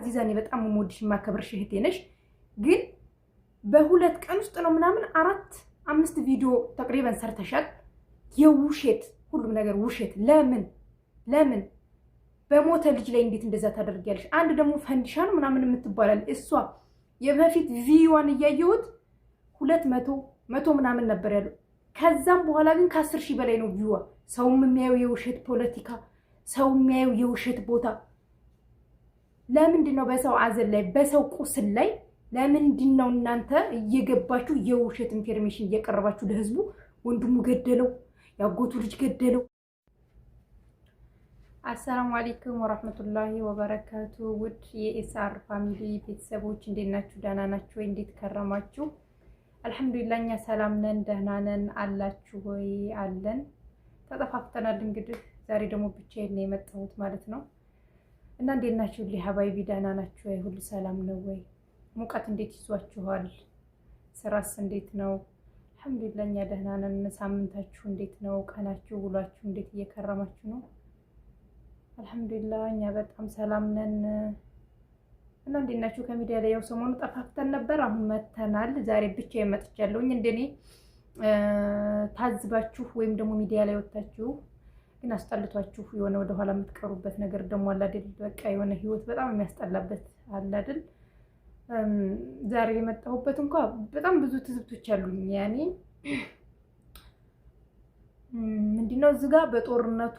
አዚዛ እኔ በጣም የምወድሽ የማከብርሽ እህቴ ነሽ። ግን በሁለት ቀን ውስጥ ነው ምናምን አራት አምስት ቪዲዮ ተቅሪበን ሰርተሻል። የውሸት ሁሉም ነገር ውሸት። ለምን ለምን በሞተ ልጅ ላይ እንዴት እንደዛ ታደርጊያለሽ? አንድ ደግሞ ፈንዲሻ ነው ምናምን የምትባላል እሷ የበፊት ቪዋን እያየሁት ሁለት መቶ መቶ ምናምን ነበር ያለው። ከዛም በኋላ ግን ከአስር ሺህ በላይ ነው ቪዋ። ሰው የሚያየው የውሸት ፖለቲካ፣ ሰው የሚያየው የውሸት ቦታ ለምንድን ነው በሰው አዘን ላይ በሰው ቁስል ላይ ለምንድን ነው እናንተ እየገባችሁ የውሸት ኢንፎርሜሽን እየቀረባችሁ ለህዝቡ? ወንድሙ ገደለው፣ ያጎቱ ልጅ ገደለው። አሰላሙ አሌይኩም ወራህመቱላሂ ወበረካቱ። ውድ የኤስአር ፋሚሊ ቤተሰቦች እንዴት ናችሁ? ደህና ናችሁ ወይ? እንዴት ከረማችሁ? አልሐምዱሊላህ እኛ ሰላም ነን፣ ደህና ነን። አላችሁ ወይ? አለን። ተጠፋፍተናል። እንግዲህ ዛሬ ደግሞ ብቻዬን ነው የመጣሁት ማለት ነው እና እንዴት ናችሁ? ሀባይቢ ደህና ናችሁ ወይ? ሁሉ ሰላም ነው ወይ? ሙቀት እንዴት ይዟችኋል? ስራስ እንዴት ነው? አልሐምዱሊላህ እኛ ደህና ነን። ሳምንታችሁ እንዴት ነው? ቀናችሁ ውሏችሁ እንዴት እየከረማችሁ ነው? አልሐምዱሊላህ እኛ በጣም ሰላም ነን። እና እንዴት ናችሁ? ከሚዲያ ላይ ያው ሰሞኑ ጠፋፍተን ነበር። አሁን መተናል። ዛሬ ብቻ የመጥቻለሁኝ እንደኔ ታዝባችሁ ወይም ደግሞ ሚዲያ ላይ ወጥታችሁ ግን አስጠልቷችሁ የሆነ ወደኋላ የምትቀሩበት ነገር ደግሞ አላደል በቃ የሆነ ህይወት በጣም የሚያስጠላበት አላደል። ዛሬ የመጣሁበት እንኳ በጣም ብዙ ትዝብቶች አሉኝ። ያኔ ምንድነው እዚህ ጋር በጦርነቱ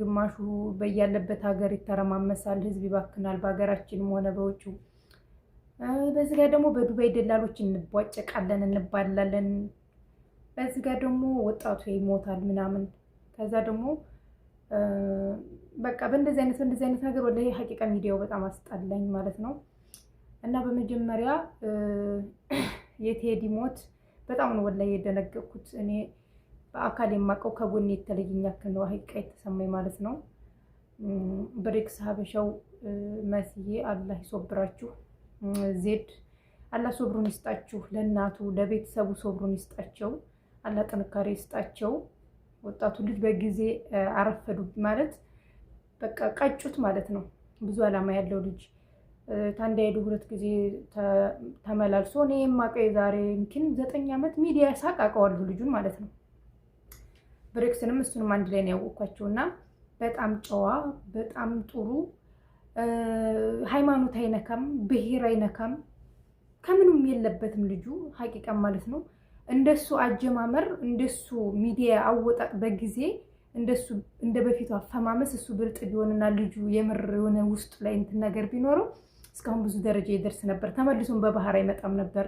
ግማሹ በያለበት ሀገር ይተረማመሳል፣ ህዝብ ይባክናል፣ በሀገራችንም ሆነ በውጭ በዚህ ጋር ደግሞ በዱባይ ደላሎች እንቧጨቃለን፣ እንባላለን። በዚህ ጋር ደግሞ ወጣቱ ይሞታል ምናምን ከዛ ደግሞ በቃ በእንደዚህ አይነት በእንደዚህ አይነት ነገር ወደ ሀቂቃ ሚዲያው በጣም አስጠላኝ ማለት ነው። እና በመጀመሪያ የቴዲ ሞት በጣም ነው ወላሂ የደነገኩት። እኔ በአካል የማውቀው ከጎን የተለየኝ ያክል ነው ሀቂቃ የተሰማኝ ማለት ነው። ብሬክስ ሀበሻው መስዬ አላህ ይሶብራችሁ። ዜድ አላህ ሶብሩን ይስጣችሁ። ለእናቱ ለቤተሰቡ ሶብሩን ይስጣቸው። አላህ ጥንካሬ ይስጣቸው። ወጣቱ ልጅ በጊዜ አረፈዱ ማለት በቃ ቀጩት ማለት ነው። ብዙ ዓላማ ያለው ልጅ ታንድ ሄዱ ሁለት ጊዜ ተመላልሶ እኔ የማውቀው ዛሬ ምኪን ዘጠኝ ዓመት ሚዲያ ሳቅ አውቀዋለሁ ልጁን ማለት ነው። ብሬክስንም እሱንም አንድ ላይ ነው ያወቅኳቸው እና በጣም ጨዋ፣ በጣም ጥሩ፣ ሃይማኖት አይነካም፣ ብሔር አይነካም፣ ከምንም የለበትም ልጁ ሀቂቃም ማለት ነው። እንደሱ አጀማመር እንደሱ ሚዲያ አወጣበት በጊዜ እንደሱ እንደ በፊቱ አፈማመስ እሱ ብልጥ ቢሆንና ልጁ የምር የሆነ ውስጡ ላይ እንትን ነገር ቢኖረው እስካሁን ብዙ ደረጃ ይደርስ ነበር። ተመልሶም በባህር አይመጣም ነበር።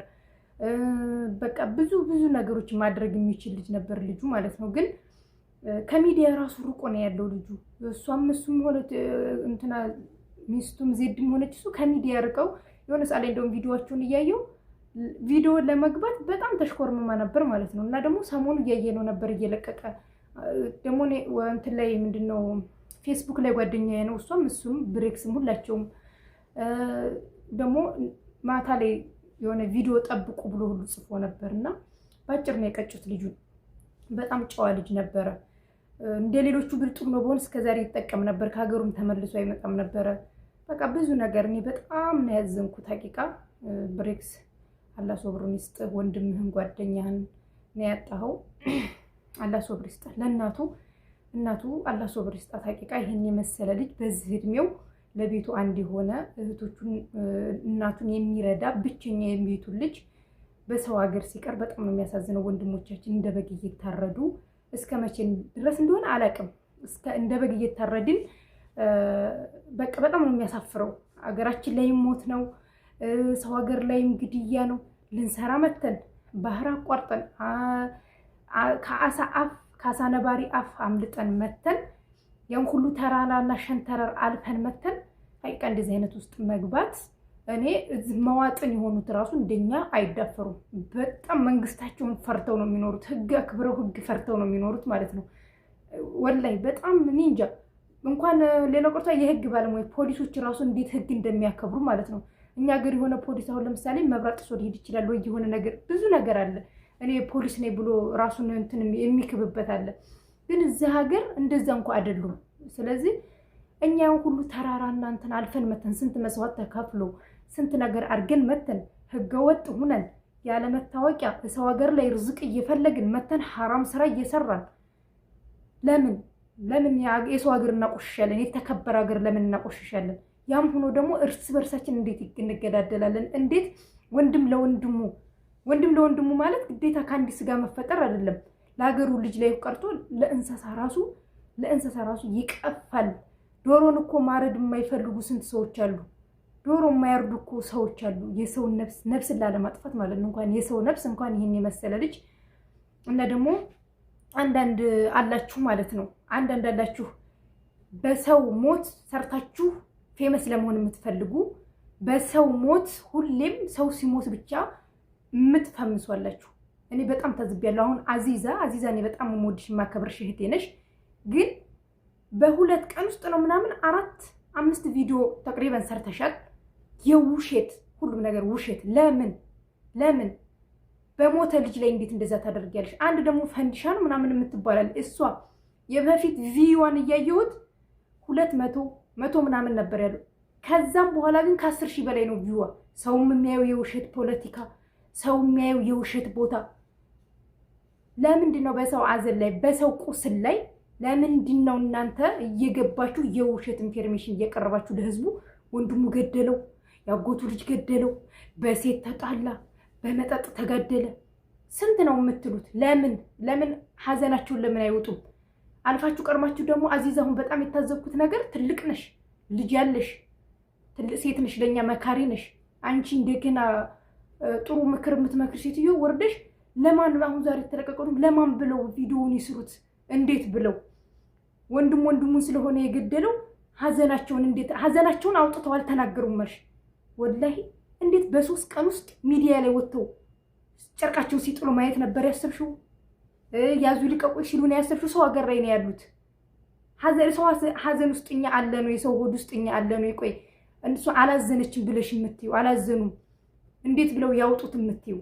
በቃ ብዙ ብዙ ነገሮች ማድረግ የሚችል ልጅ ነበር ልጁ ማለት ነው። ግን ከሚዲያ ራሱ ርቆ ነው ያለው ልጁ። እሷም እሱም ሆነ እንትና ሚስቱም ዜድም ሆነች እሱ ከሚዲያ ርቀው የሆነ ሳ ላይ እንደውም ቪዲዮዋቸውን እያየው ቪዲዮ ለመግባት በጣም ተሽኮርመማ ነበር ማለት ነው። እና ደግሞ ሰሞኑ እያየነው ነበር እየለቀቀ ደግሞ እንትን ላይ ምንድን ነው ፌስቡክ ላይ ጓደኛ ነው እሷም እሱም ብሬክስም ሁላቸውም ደግሞ ማታ ላይ የሆነ ቪዲዮ ጠብቁ ብሎ ሁሉ ጽፎ ነበር እና በአጭር ነው የቀጩት። ልጁ በጣም ጨዋ ልጅ ነበረ። እንደ ሌሎቹ ብልጡም ነው በሆን እስከዛሬ ይጠቀም ነበር። ከሀገሩም ተመልሶ አይመጣም ነበረ። በቃ ብዙ ነገር እኔ በጣም ነው ያዘንኩት። ሀቂቃ ብሬክስ አላህ ሶብሩን ይስጥህ። ወንድምህን ጓደኛህን ነው ያጣኸው። አላህ ሶብር ይስጣት። ለእናቱ እናቱ አላህ ሶብር ይስጣት። ሀቂቃ ይህን የመሰለ ልጅ በዚህ እድሜው ለቤቱ አንድ የሆነ እህቶቹን እናቱን የሚረዳ ብቸኛ የሚቤቱን ልጅ በሰው ሀገር ሲቀር በጣም ነው የሚያሳዝነው። ወንድሞቻችን እንደ በግ እየታረዱ እስከ መቼ ድረስ እንደሆነ አላውቅም። እንደ በግ እየታረድን በቃ በጣም ነው የሚያሳፍረው። ሀገራችን ላይም ሞት ነው፣ ሰው ሀገር ላይም ግድያ ነው። ልንሰራ መተን ባህር አቋርጠን ከአሳ አፍ ከአሳ ነባሪ አፍ አምልጠን መተን ያን ሁሉ ተራራና ሸንተረር አልፈን መተን ሀይቃ እንደዚህ አይነት ውስጥ መግባት እኔ መዋጥን የሆኑት እራሱ እንደኛ አይዳፈሩም። በጣም መንግስታቸውን ፈርተው ነው የሚኖሩት። ህግ አክብረው ህግ ፈርተው ነው የሚኖሩት ማለት ነው። ወላይ በጣም ኒንጃ እንጃ እንኳን ሌላ ቆርታ የህግ ባለሙያ ፖሊሶች ራሱ እንዴት ህግ እንደሚያከብሩ ማለት ነው። እኛ ሀገር የሆነ ፖሊስ አሁን ለምሳሌ መብራት ጥሶ ሊሄድ ይችላል ወይ? የሆነ ነገር ብዙ ነገር አለ። እኔ ፖሊስ ነኝ ብሎ ራሱን እንትን የሚክብበት አለ። ግን እዚህ ሀገር እንደዛ እንኳ አይደሉም። ስለዚህ እኛ ሁሉ ተራራ እንትን አልፈን መተን ስንት መስዋዕት ተከፍሎ ስንት ነገር አድርገን መተን ህገወጥ ሁነን ያለ መታወቂያ በሰው ሀገር ላይ ርዝቅ እየፈለግን መተን ሀራም ስራ እየሰራን ለምን ለምን የሰው ሀገር እናቆሽሻለን? የተከበረ ሀገር ለምን እናቆሽሻለን? ያም ሆኖ ደግሞ እርስ በርሳችን እንዴት እንገዳደላለን? እንዴት ወንድም ለወንድሙ ወንድም ለወንድሙ ማለት ግዴታ ከአንድ ስጋ መፈጠር አይደለም። ለሀገሩ ልጅ ላይ ቀርቶ ለእንስሳ ራሱ ለእንስሳ ራሱ ይቀፋል። ዶሮን እኮ ማረድ የማይፈልጉ ስንት ሰዎች አሉ። ዶሮ የማያርዱ እኮ ሰዎች አሉ። የሰውን ነፍስ ነፍስን ላለማጥፋት ማለት ነው። እንኳን የሰው ነፍስ እንኳን ይህን የመሰለ ልጅ እና ደግሞ አንዳንድ አላችሁ ማለት ነው። አንዳንድ አላችሁ በሰው ሞት ሰርታችሁ ፌመስ ለመሆን የምትፈልጉ በሰው ሞት ሁሌም ሰው ሲሞት ብቻ የምትፈምሷላችሁ። እኔ በጣም ታዝቤያለሁ። አሁን አዚዛ አዚዛ እኔ በጣም የምወድሽ የማከብርሽ እህቴ ነሽ፣ ግን በሁለት ቀን ውስጥ ነው ምናምን አራት አምስት ቪዲዮ ተቅሪበን ሰርተሻል። የውሸት ሁሉም ነገር ውሸት። ለምን ለምን በሞተ ልጅ ላይ እንዴት እንደዛ ታደርጊያለሽ? አንድ ደግሞ ፈንዲሻ ነው ምናምን የምትባላል እሷ የበፊት ቪዋን እያየሁት ሁለት መቶ መቶ ምናምን ነበር ያለው። ከዛም በኋላ ግን ከአስር ሺህ በላይ ነው ቪዋ። ሰው የሚያየው የውሸት ፖለቲካ፣ ሰው የሚያየው የውሸት ቦታ። ለምንድን ነው በሰው አዘን ላይ በሰው ቁስል ላይ ለምንድን ነው እናንተ እየገባችሁ የውሸት ኢንፎርሜሽን እየቀረባችሁ ለህዝቡ? ወንድሙ ገደለው፣ ያጎቱ ልጅ ገደለው፣ በሴት ተጣላ፣ በመጠጥ ተጋደለ። ስንት ነው የምትሉት? ለምን ለምን ሀዘናችሁን ለምን አይወጡም? አልፋችሁ ቀርማችሁ ደግሞ አዚዝ፣ አሁን በጣም የታዘብኩት ነገር ትልቅ ነሽ፣ ልጅ ያለሽ ትልቅ ሴት ነሽ፣ ለእኛ መካሪ ነሽ። አንቺ እንደገና ጥሩ ምክር የምትመክር ሴትዮ ወርደሽ ለማን አሁን ዛሬ የተለቀቀሉ ለማን ብለው ቪዲዮውን ይስሩት? እንዴት ብለው ወንድም ወንድሙን ስለሆነ የገደለው ሀዘናቸውን እንዴት ሀዘናቸውን አውጥተው አልተናገሩም መርሽ ወላሂ እንዴት በሶስት ቀን ውስጥ ሚዲያ ላይ ወጥተው ጨርቃቸውን ሲጥሉ ማየት ነበር ያሰብሽው? ያዙ ልቀቆች ሲሉን ነው ሰው ሀገር ላይ ነው ያሉት። ሀዘን ውስጥ እኛ አለ ነው የሰው ሆድ ውስጥ እኛ አለ ነው። ቆይ እንሱ አላዘነችም ብለሽ የምትይው አላዘኑም እንዴት ብለው ያውጡት የምትይው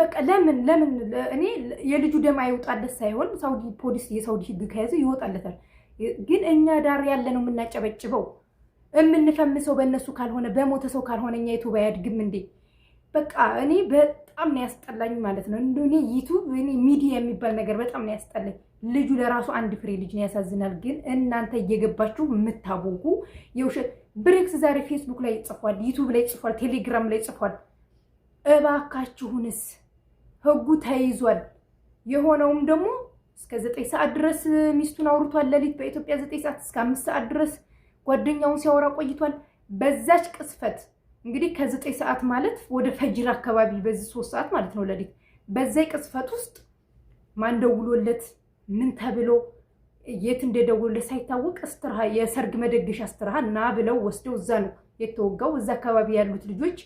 በቃ ለምን ለምን እኔ የልጁ ደም አይወጣለት ሳይሆን ሳውዲ ፖሊስ የሳውዲ ሕግ ከያዘ ይወጣለታል። ግን እኛ ዳር ያለ ነው የምናጨበጭበው የምንፈምሰው በእነሱ ካልሆነ በሞተ ሰው ካልሆነ እኛ የቱባ ያድግም እንዴ? በቃ እኔ በጣም ነው ያስጠላኝ ማለት ነው። እንደኔ እኔ ዩቱብ እኔ ሚዲያ የሚባል ነገር በጣም ነው ያስጠላኝ። ልጁ ለራሱ አንድ ፍሬ ልጅ ነው፣ ያሳዝናል። ግን እናንተ እየገባችሁ የምታቦጉ የውሸት ብሬክስ ዛሬ ፌስቡክ ላይ ጽፏል፣ ዩቱብ ላይ ጽፏል፣ ቴሌግራም ላይ ጽፏል። እባካችሁንስ ህጉ ተይዟል። የሆነውም ደግሞ እስከ ዘጠኝ ሰዓት ድረስ ሚስቱን አውርቷል። ሌሊት በኢትዮጵያ ዘጠኝ ሰዓት እስከ አምስት ሰዓት ድረስ ጓደኛውን ሲያወራ ቆይቷል። በዛች ቅስፈት እንግዲህ ከዘጠኝ ሰዓት ማለት ወደ ፈጅር አካባቢ በዚህ ሶስት ሰዓት ማለት ነው ለሊት በዛይ ቅጽፈት ውስጥ ማን ደውሎለት ምን ተብሎ የት እንደደውሎለት ሳይታወቅ እስትርሃ የሰርግ መደገሻ እስትርሃ ና ብለው ወስደው እዛ ነው የተወጋው። እዛ አካባቢ ያሉት ልጆች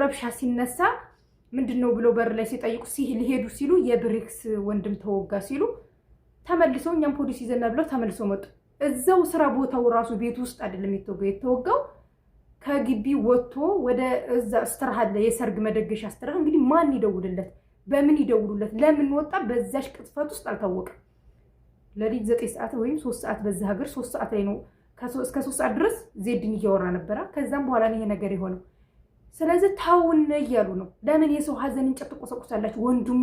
ረብሻ ሲነሳ ምንድን ነው ብለው በር ላይ ሲጠይቁ ሊሄዱ ሲሉ የብሬክስ ወንድም ተወጋ ሲሉ ተመልሰው እኛም ፖሊስ ይዘና ብለው ተመልሰው መጡ። እዛው ስራ ቦታው ራሱ ቤት ውስጥ አይደለም የተወጋው የተወጋው ከግቢ ወጥቶ ወደ እዛ እስትራሃ አለ የሰርግ መደገሻ እስትራሃ። እንግዲህ ማን ይደውልለት? በምን ይደውሉለት? ለምን ወጣ? በዛሽ ቅጥፈት ውስጥ አልታወቀም። ለሊት ዘጠኝ ሰዓት ወይም ሶስት ሰዓት በዛ ሀገር ሶስት ሰዓት ላይ ነው እስከ ሶስት ሰዓት ድረስ ዜድን እያወራ ነበረ። ከዛም በኋላ ነው ይሄ ነገር የሆነው። ስለዚህ ታውን እያሉ ነው። ለምን የሰው ሀዘን እንጨት ትቆሰቁሳላችሁ? ወንድሙ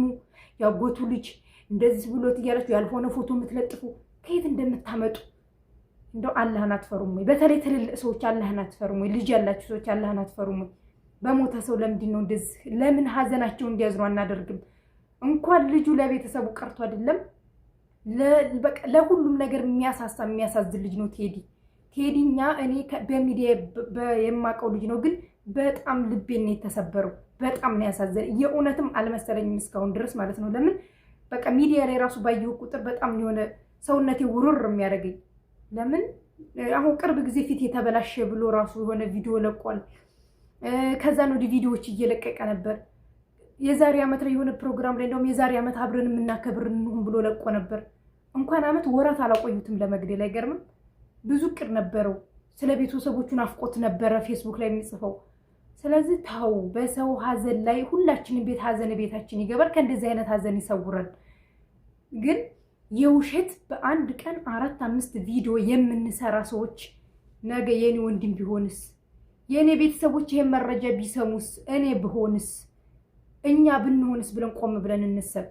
ያጎቱ ልጅ እንደዚህ ብሎት እያላችሁ ያልሆነ ፎቶ የምትለጥፉ ከየት እንደምታመጡ እንደው አላህን አትፈሩም ወይ? በተለይ ትልልቅ ሰዎች አላህን አትፈሩም ወይ? ልጅ ያላችሁ ሰዎች አላህን አትፈሩም ወይ? በሞተ ሰው ለምንድን ነው እንደዚህ? ለምን ሀዘናቸው እንዲያዝኑ አናደርግም? እንኳን ልጁ ለቤተሰቡ ቀርቶ አይደለም ለሁሉም ነገር የሚያሳሳ የሚያሳዝን ልጅ ነው ቴዲ። ቴዲኛ እኔ በሚዲያ የማውቀው ልጅ ነው፣ ግን በጣም ልቤን የተሰበረው በጣም ነው ያሳዘን። የእውነትም አልመሰለኝም እስካሁን ድረስ ማለት ነው። ለምን በቃ ሚዲያ ላይ ራሱ ባየሁ ቁጥር በጣም የሆነ ሰውነቴ ውርር የሚያደርገኝ ለምን አሁን ቅርብ ጊዜ ፊት የተበላሸ ብሎ ራሱ የሆነ ቪዲዮ ለቋል። ከዛን ወዲህ ቪዲዮዎች እየለቀቀ ነበር። የዛሬ ዓመት ላይ የሆነ ፕሮግራም ላይ እንደውም የዛሬ ዓመት አብረን የምናከብር እንሁን ብሎ ለቆ ነበር። እንኳን ዓመት ወራት አላቆዩትም ለመግደል። አይገርምም? ብዙ እቅድ ነበረው። ስለ ቤተሰቦቹን አፍቆት ነበረ ፌስቡክ ላይ የሚጽፈው። ስለዚህ ተው፣ በሰው ሀዘን ላይ ሁላችንም ቤት ሀዘን ቤታችን ይገባል። ከእንደዚህ አይነት ሀዘን ይሰውረን ግን የውሸት በአንድ ቀን አራት አምስት ቪዲዮ የምንሰራ ሰዎች ነገ የኔ ወንድም ቢሆንስ የእኔ ቤተሰቦች ይሄን መረጃ ቢሰሙስ እኔ ብሆንስ እኛ ብንሆንስ ብለን ቆም ብለን እንሰብ።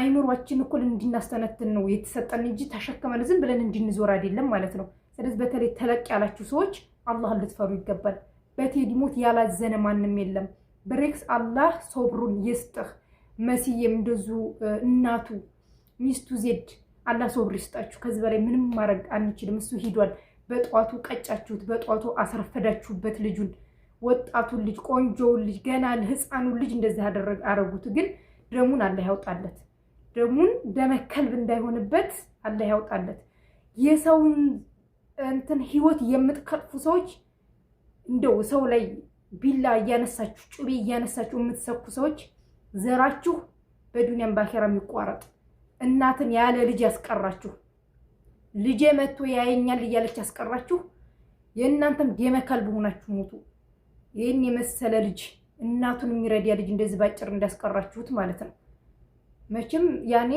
አይምሯችን እኩል እንድናስተነትን ነው የተሰጠን እንጂ ተሸክመን ዝም ብለን እንድንዞር አይደለም ማለት ነው። ስለዚህ በተለይ ተለቅ ያላችሁ ሰዎች አላህ ልትፈሩ ይገባል። በቴዲ ሞት ያላዘነ ማንም የለም። ብሬክስ አላህ ሶብሩን ይስጥህ። መሲዬም እንደዚሁ እናቱ ሚስቱ ዜድ አላ ሶብር ይስጣችሁ። ከዚህ በላይ ምንም ማድረግ አንችልም። እሱ ሂዷል። በጠዋቱ ቀጫችሁት፣ በጠዋቱ አስረፈዳችሁበት ልጁን፣ ወጣቱን ልጅ፣ ቆንጆውን ልጅ፣ ገና ህፃኑን ልጅ እንደዚህ አረጉት። ግን ደሙን አላህ ያውጣለት፣ ደሙን ደመከልብ እንዳይሆንበት አላህ ያውጣለት። የሰውን እንትን ህይወት የምትከጥፉ ሰዎች እንደው ሰው ላይ ቢላ እያነሳችሁ ጩቤ እያነሳችሁ የምትሰኩ ሰዎች ዘራችሁ በዱንያም ባኬራ የሚቋረጥ እናትን ያለ ልጅ ያስቀራችሁ ልጄ መጥቶ ያየኛል እያለች ያስቀራችሁ የእናንተም ደመ ከልብ ሆናችሁ ሞቱ። ይህን የመሰለ ልጅ እናቱን የሚረዳ ልጅ እንደዚህ ባጭር እንዳስቀራችሁት ማለት ነው። መቼም ያኔ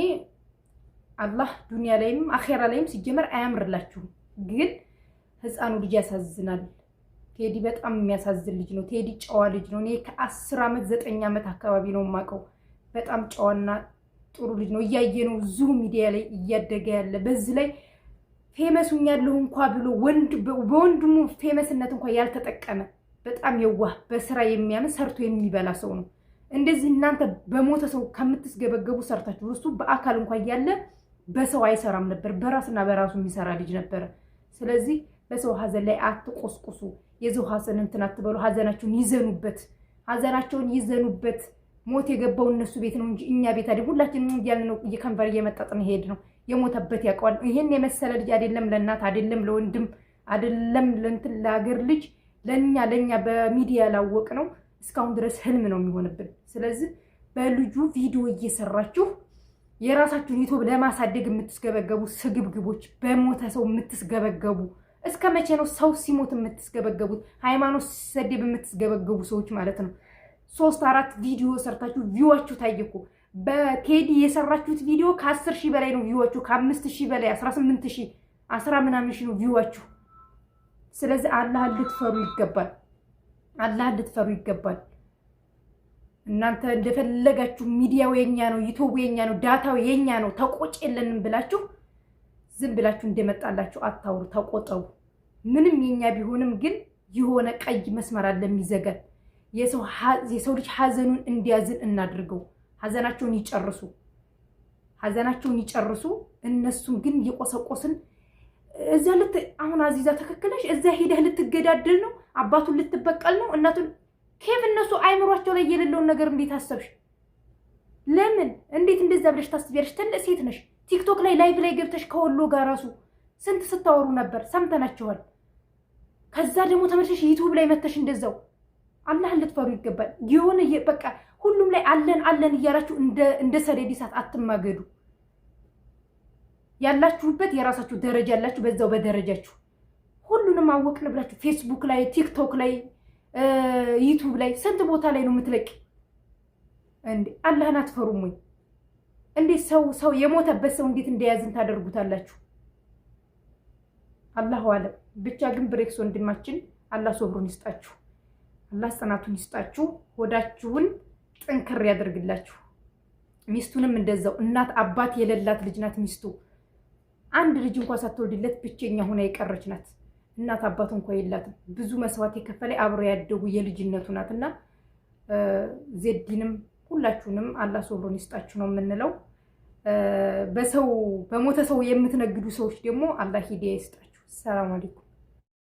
አላህ ዱንያ ላይም አኼራ ላይም ሲጀመር አያምርላችሁም። ግን ህፃኑ ልጅ ያሳዝናል። ቴዲ በጣም የሚያሳዝን ልጅ ነው። ቴዲ ጨዋ ልጅ ነው። እኔ ከአስር ዓመት ዘጠኝ ዓመት አካባቢ ነው የማውቀው። በጣም ጨዋና ጥሩ ልጅ ነው እያየ ነው ዙ ሚዲያ ላይ እያደገ ያለ በዚህ ላይ ፌመሱ ሁኛለሁ እንኳ ብሎ በወንድሙ ፌመስነት እንኳ ያልተጠቀመ በጣም የዋህ በስራ የሚያምን ሰርቶ የሚበላ ሰው ነው። እንደዚህ እናንተ በሞተ ሰው ከምትስገበገቡ ሰርታችሁ እሱ በአካል እንኳ እያለ በሰው አይሰራም ነበር፣ በራስና በራሱ የሚሰራ ልጅ ነበረ። ስለዚህ በሰው ሀዘን ላይ አትቆስቁሱ። የሰው ሀዘን እንትን አትበሉ። ሀዘናቸውን ይዘኑበት፣ ሀዘናቸውን ይዘኑበት። ሞት የገባው እነሱ ቤት ነው እንጂ እኛ ቤት አይደል። ሁላችን እያልን ነው እየከንበር እየመጠጥን ሄድ ነው የሞተበት ያውቀዋል። ይሄን የመሰለ ልጅ አይደለም ለእናት አይደለም ለወንድም አይደለም ለእንትን ለሀገር ልጅ ለእኛ ለእኛ በሚዲያ ያላወቅ ነው እስካሁን ድረስ ህልም ነው የሚሆንብን። ስለዚህ በልጁ ቪዲዮ እየሰራችሁ የራሳችሁን ዩቱብ ለማሳደግ የምትስገበገቡ ስግብግቦች፣ በሞተ ሰው የምትስገበገቡ እስከ መቼ ነው ሰው ሲሞት የምትስገበገቡት? ሃይማኖት ሲሰደብ የምትስገበገቡ ሰዎች ማለት ነው። ሶስት አራት ቪዲዮ ሰርታችሁ ቪዋችሁ ታየኩ። በቴዲ የሰራችሁት ቪዲዮ ከአስር ሺህ በላይ ነው ቪዋችሁ፣ ከአምስት ሺህ በላይ አስራ ስምንት ሺህ አስራ ምናምን ሺህ ነው ቪዋችሁ። ስለዚህ አላህ ልትፈሩ ይገባል። አላህ ልትፈሩ ይገባል። እናንተ እንደፈለጋችሁ ሚዲያው የኛ ነው፣ ዩቲዩብ የኛ ነው፣ ዳታው የኛ ነው፣ ተቆጭ የለንም ብላችሁ ዝም ብላችሁ እንደመጣላችሁ አታውሩ፣ ተቆጠቡ። ምንም የኛ ቢሆንም ግን የሆነ ቀይ መስመር አለ የሚዘጋል የሰው ልጅ ሀዘኑን እንዲያዝን እናድርገው። ሀዘናቸውን ይጨርሱ፣ ሀዘናቸውን ይጨርሱ። እነሱም ግን የቆሰቆስን እዛ ልት አሁን አዚዛ ተከክለሽ እዛ ሄደህ ልትገዳደል ነው፣ አባቱን ልትበቀል ነው፣ እናቱን ኬፍ እነሱ አይምሯቸው ላይ የሌለውን ነገር እንዴት አሰብሽ? ለምን እንዴት እንደዛ ብለሽ ታስቢያለሽ? ትልቅ ሴት ነሽ። ቲክቶክ ላይ ላይቭ ላይ ገብተሽ ከወሎ ጋር ራሱ ስንት ስታወሩ ነበር፣ ሰምተናቸዋል? ከዛ ደግሞ ተመልሰሽ ዩቱብ ላይ መተሽ እንደዛው አላህን ልትፈሩ ይገባል። የሆነ በቃ ሁሉም ላይ አለን አለን እያላችሁ እንደ ሰደድ እሳት አትማገዱ። ያላችሁበት የራሳችሁ ደረጃ ያላችሁ በዛው በደረጃችሁ ሁሉንም አወቅን ብላችሁ ፌስቡክ ላይ፣ ቲክቶክ ላይ፣ ዩቱብ ላይ ስንት ቦታ ላይ ነው የምትለቅ? እንዴ አላህን አትፈሩም ወይ? እንዴት ሰው ሰው የሞተበት ሰው እንዴት እንደያዝን ታደርጉታላችሁ? አላሁ አለም ብቻ። ግን ብሬክስ ወንድማችን አላህ ሶብሩን ይስጣችሁ። አላህ ጽናቱን ይስጣችሁ፣ ሆዳችሁን ጥንክር ያደርግላችሁ። ሚስቱንም እንደዛው እናት አባት የሌላት ልጅ ናት ሚስቱ። አንድ ልጅ እንኳ ሳትወልድለት ብቸኛ ሆና የቀረች ናት። እናት አባቱ እንኳ የላትም። ብዙ መስዋዕት የከፈለ አብረው ያደጉ የልጅነቱ ናት እና ዜዲንም ሁላችሁንም አላህ ሶብሮን ይስጣችሁ ነው የምንለው። በሰው በሞተ ሰው የምትነግዱ ሰዎች ደግሞ አላህ ሂዲያ ይስጣችሁ። ሰላም አለይኩም።